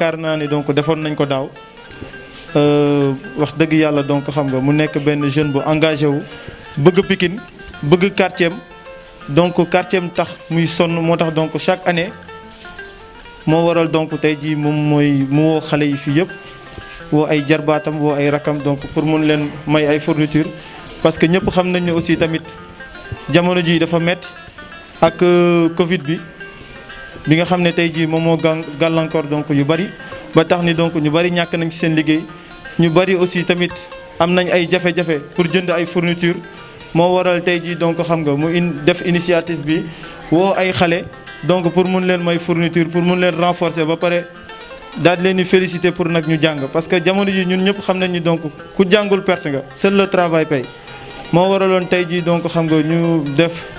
yaakaar naa ne donc defoon nañ ko daaw euh, wax dëgg yàlla donc xam nga mu nekk benn jeune bu engagé wu bëgg pikin bëgg quartier am donc quartier tax muy sonn moo tax donc chaque année moo waral donc tey jii moom mooy mu woo xale yi fii yëpp woo ay jarbaatam woo ay rakam donc pour mun leen may ay fourniture parce que ñëpp xam nañ ne aussi tamit jamono jii dafa mett ak euh, Covid bi bi nga xamné ne tey jii galankor donc yu bari ba tax ni donc ñu bari ñak nañ ci seen liggéey ñu bari aussi tamit am nañ ay jafé jafé pour jënd ay fourniture mo waral tey donc xam nga mu def initiative bi wo ay xalé donc pour mën leen may fourniture pour mën leen renforcer ba pare daal di leen di féliciter pour nak ñu jang parce que jamono ji ñun ñëpp xam nañ ni donc ku jangul perte nga seul le travail paye mo waraloon tey jii donc xam nga ñu def.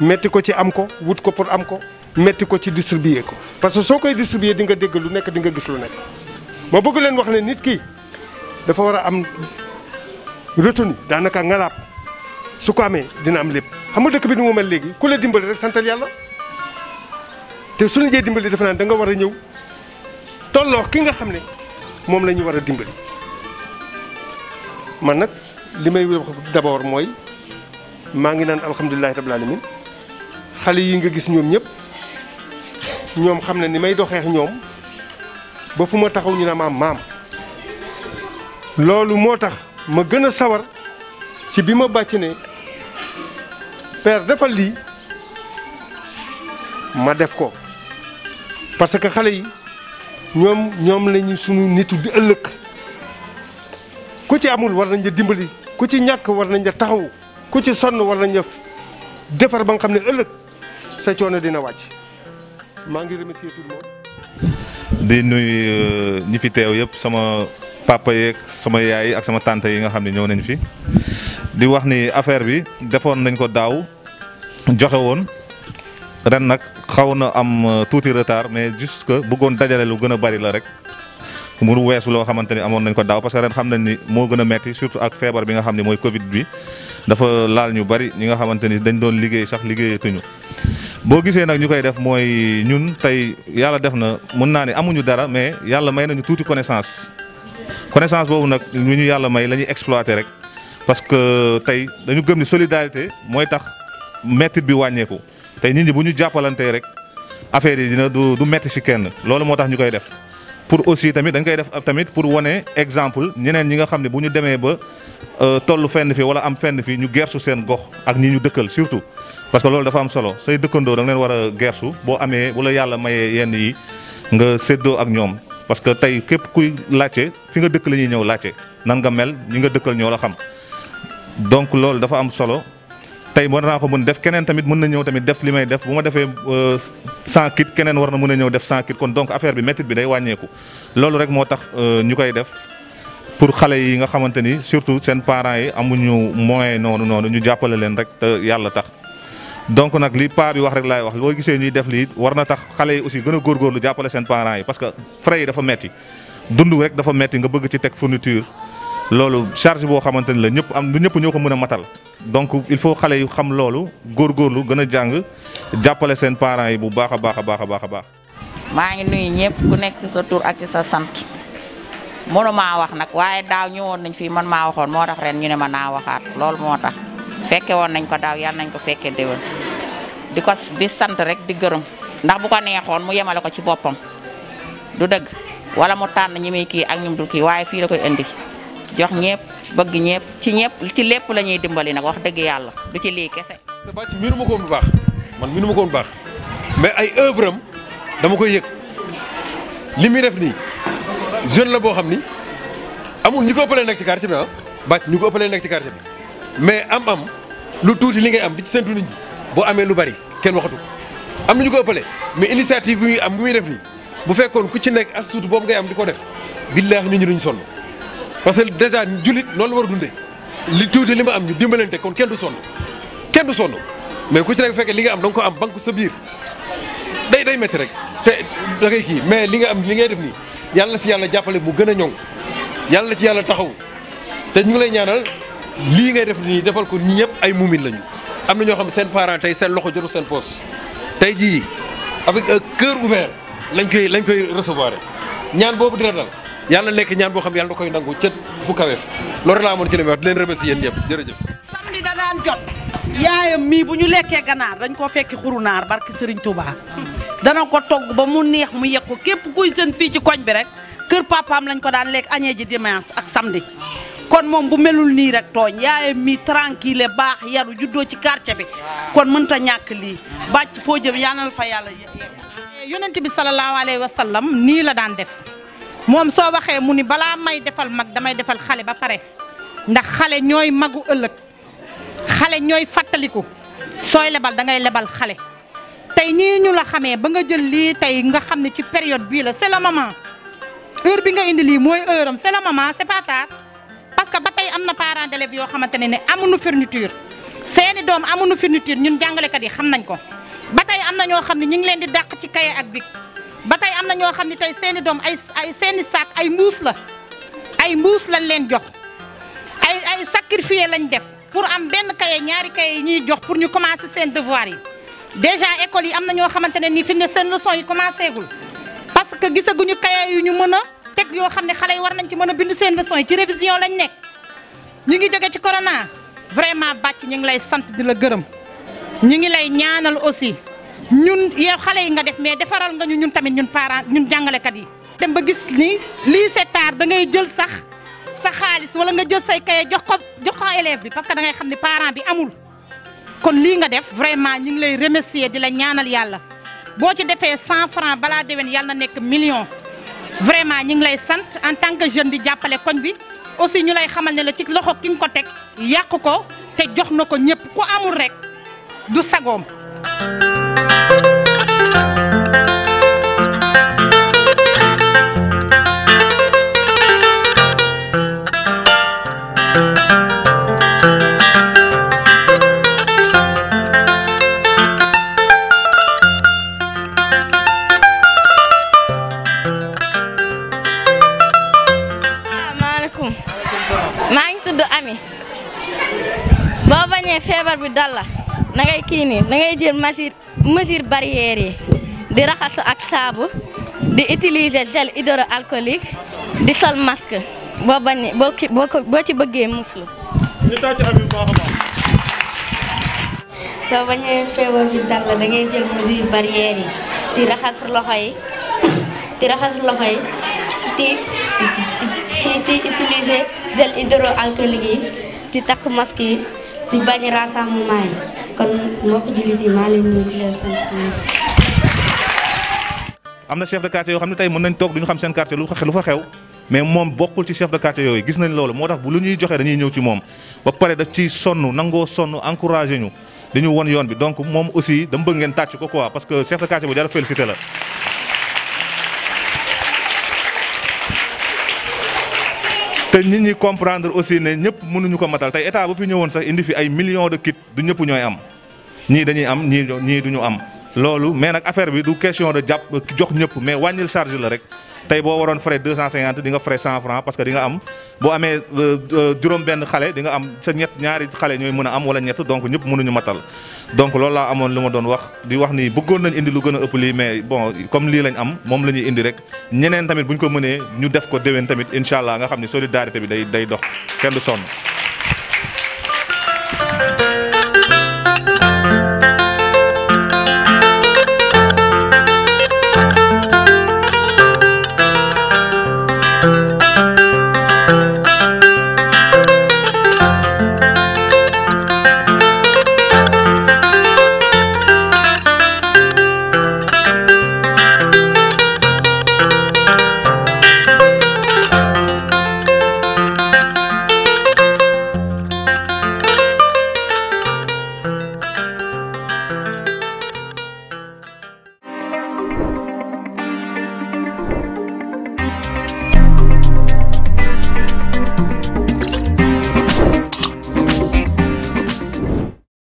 metti ko ci am ko wut ko pour am ko metti ko ci distribuer ko parce que sokoy distribuer di nga deg lu nek di nga gis lu nek ma bëgg leen wax ne nit ki dafa wara am retenu daanaka ngalaab su ko amé dina am lepp xam nga dekk bi ni mu mel legi ku la dimbali rek santal yalla te suñu jé dimbali dafa da nga wara ñew tolo ki nga xamné mom lañu wara dimbali man nak limay wax d'abord moy ma ngi nan alhamdullilah rabbil alamin xale yi nga gis ñom ñep ñom xam ni may doxex ñom ba fuma taxaw ñu na maam maam lolu motax ma gëna sawar ci bima ma ne père defal li ma def ko parce que xale yi ñom ñom lañu sunu nitu di ëlëk ku ci amul war nañu dimbali ku ci ñak war nañu taxaw ku ci sonn war nañu defar ba nga xamne ëlëk sa coono dina wacc ma ngi remercier tout monde. di nuy euh, ñi fi tew sama papa yek sama yaay ak sama tante yi nga xamni ne nañ fi di wax ni affaire bi defoon nañ ko daw joxe won ren nak xawna na am euh, touti retard mais juste que bëggoon dajale lu gëna bari la rek. mu amon loo lo xamanteni amon nañ ko daw parce que ren xam ni mo gëna metti surtout ak fièvre bi nga xamni moy Covid bi dafa laal ñu bari ñi nga xamanteni dañ doon liggéey sax tuñu boo gisee nag ñu koy def mooy ñun tey yàlla def na mën naa ne amuñu dara mais yàlla may nañu tuuti connaissance connaissance boobu nag ñu yàlla may la ñuy rek parce que tey dañu gëm ni solidarité mooy tax mettit bi wàññeeku tey nit ñi bu ñu jàppalantee rek affaire yi dina du du metti ci kenn loolu moo tax ñu koy def pour aussi tamit dañ koy def tamit pour wane exemple ñeneen ñi nga xam ne bu ñu demee ba euh, toll fenn fi walla am fenn fi ñu gersu seen gox ak ñi ñu dëkkal surtout parce que loolu dafa am solo say dëkkandoo da nga leen war a gersu boo amee bu yàlla mayee yenn yi nga séddoo ak ñoom parce que tey képp kuy laajte fi nga dëkk la ñuy ñëw laajte nanga mel ñi nga dëkkal ñoo la xam donc loolu dafa am solo tey war naa ko mën def keneen tamit mën na ñëw tamit def li may def bu ma defee euh, cent kit keneen war na mën a ñëw def cent kit kon donc affaire bi métit bi day wàññeeku loolu rek moo tax euh, ñu koy def pour xale yi nga xamante ni surtout seen parents yi amuñu moyen noonu noonu ñu jàppale leen rek yàlla tax donc nag li paa bi wax rek laay wax boo gisee ñuy def lii war na tax xale yi aussi gën a góorgóorlu jàppale seen parents yi parce que frais yi dafa metti dund rek dafa metti nga bëgg ci teg fourniture loolu charge boo xamante ni la ñëpp am lu ñëpp ñoo ko mën a matal donc il faut xale yu xam loolu góorgóorlu gën a jàng jàppale seen parents yi bu baax a baax a baax a baax a baax. maa ngi nuyu ñëpp ku nekk ci sa tur ak ci sa sant mënu maa wax nag waaye daaw ñëwoon nañ fii man maa waxoon moo tax ren ñu ne ma naa waxaat loolu moo tax. fekke won nañ ko daw yalla nañ ko fekkee déwén diko di sante rek di gërëm ndax bu ko neexoon mu yemale ko ci bopam du dëgg wala mu tan ñi muy kii ak ñum du ki waye fi la koy indi jox ñepp bëgg ñepp ci ñepp ci lépp lañuy dimbali nak wax dëgg yalla du ci li kese. sa ba ci ma ko bu baax man miinu ko bu baax mais ay œuvreum dama koy yëg limi def ni jeune la bo xamni amul ñiko ko nak ci quartier bi ah bàcc ñu ko ci quartier bi. mais am-am lu tuuti li ngay am di ci séntu nit ñi boo amee lu bari kenn waxatu ko am na ñu ko ëppale mais initiative bi am bu muy def nii bu fekkoon ku ci nekk as tuuti boobu ngay am di ko def billaahi ñu ñi duñ sonn parce que déjà jullit loolu war a dundee li tuuti li ma am ñu dimbalante kon kenn du sonn kenn du sonn mais ku ci nekk bu li nga am da ko am banque sa biir day day métti rek te da ngay kii mais li nga am li ngay def nii yàlla si yàlla jàppale mu gën a ñoŋ yàlla ci yàlla taxaw te ñu ngi lay ñaanal. lii ngay def nii defal ko nii ñëpp ay muumin lañu am na ñoo xam ne seen parent tey seen loxo jotul seen poos tey jii avec kër cœur ouvert lañ koy lañ koy recevoir ñaan boobu dina dal yàlla lekk ñaan boo xam yàlla da koy nangu cët fu kaweef loolu laa amoon ci li may wax di leen remercier yéen ñëpp jërëjëf. samedi da daan jot yaayam mii bu ñu lekkee ganaar dañ koo fekki xuru naar barki Serigne Touba dana ko togg ba mu neex mu yekk ko képp kuy seen fii ci koñ bi rek kër papaam lañ ko daan lekk añee ji dimanche ak samedi. kon mom bu melul ni rek togn yaayam mi tranquille bax yaru juddo ci quartier bi kon mënta ñak li bacc fo jëm yanal fa yalla eh, yonent bi sallallahu alayhi wasallam ni la daan def mom so waxe mu ni bala may defal mag damay defal xalé ba paré ndax xalé ñoy magu ëlëk xalé ñoy fataliku soy lebal da ngay lebal xalé tay ñi ñu la xamé ba nga jël li tay nga xamné ci période bi la c'est le moment heure bi nga indi li moy heureum c'est le moment c'est pas tard am na parents d'élèves yoo xamante ne ne amuñu fourniture seeni doom amuñu fourniture ñun jàngalekat yi xam nañ ko ba tey am na ñoo xam ne ñu ngi leen di dàq ci kaye ak bic ba tey am na ñoo xam ne tey seeni doom ay ay seeni saak ay mbuus la ay mbuus lañ leen jox ay ay sacrifié lañ def pour am benn kaye ñaari kaye yi ñuy jox pour ñu commencer seen devoir yi déjà école yi am na ñoo xamante ne nii fi ne seen leçon yi commencé gul parce que gisaguñu kaye ñu mën a teg yoo xam ne xale yi war nañ ci mën a bind seen leçon yi ci révision lañ nekk. ñi ngi jóge ci corona vraiment bàcc ñu ngi lay sant di la gërëm ñu ngi lay ñaanal aussi ñun yow xale yi nga def mais defaral nga ñu ñun tamit ñun parents ñun jàngalekat yi. dem ba gis nii lii c'est tard da ngay jël sax sa xaalis wala nga jël say kaye jox ko jox ko élève bi parce que da ngay xam ni parent bi amul kon lii nga def vraiment ñu ngi lay remercier di la ñaanal yàlla boo ci defee cent francs balaa déwén yàlla na nekk million vraiment ñu ngi lay sant en tant que jeune di jàppale koñ bi. aussi ñu lay xamal né la ci loxo kiñ ko tek yàq ko te jox na ko ku amul rek du sagoom mi maa ngi tudd Ami bo bañé feebar bi dal la na ngay ki ni na ngay jël mesure mesure barrière yi di raxatu ak sabu di utiliser gel hydroalcoolique di sol masque bo bañé bo ci boo ci bëggé muslu. ñu ci Ami bu baax a baax. soo bañee feebar bi dal la da ngay jël mesure barrière yi di raxatu loxoy di raxatu loxoy di. ciy utiliser gel hydroalcoolique yi di takk masque yi am na chef de quartier yoo xam ne tey mën nañ toog duñu xam seen quartier lu fa xew mais moom bokkul ci chef de quartier yooyu gis nañ loolu moo tax bu lu ñuy joxe dañuy ñëw ci moom ba pare daf ci sonn nangoo sonn encouragé ñu dañu won yoon bi donc moom aussi dama bëgg ngeen tàcc ko quoi parce que chef de quartier bu jara félicité la te nit ñi comprendre aussi ne ñëpp mënuñu ko matal tey état bu fi ñëwoon sax indi fi ay millions de kits du ñëpp ñooy am ñii dañuy am ñii ñii duñu am loolu mais nag affaire bi du question de jàpp jox ñëpp mais wàññil charge la rek. tey boo waroon frais 250 di nga frais 100 francs parce que di nga am boo amee euh, euh, juróom benn xale di nga am sa ñett ñaari xale ñooy mën a am wala ñett donc ñëpp mënuñu matal donc loolu laa amoon lu ma doon wax di wax ni bëggoon nañ indi lu gën a ëpp lii mais bon comme lii lañ am moom lañuy indi rek ñeneen tamit bu ñu ko mënee ñu def ko déwén tamit incha allah nga xam ne solidarité bi day day dox kenn du sonn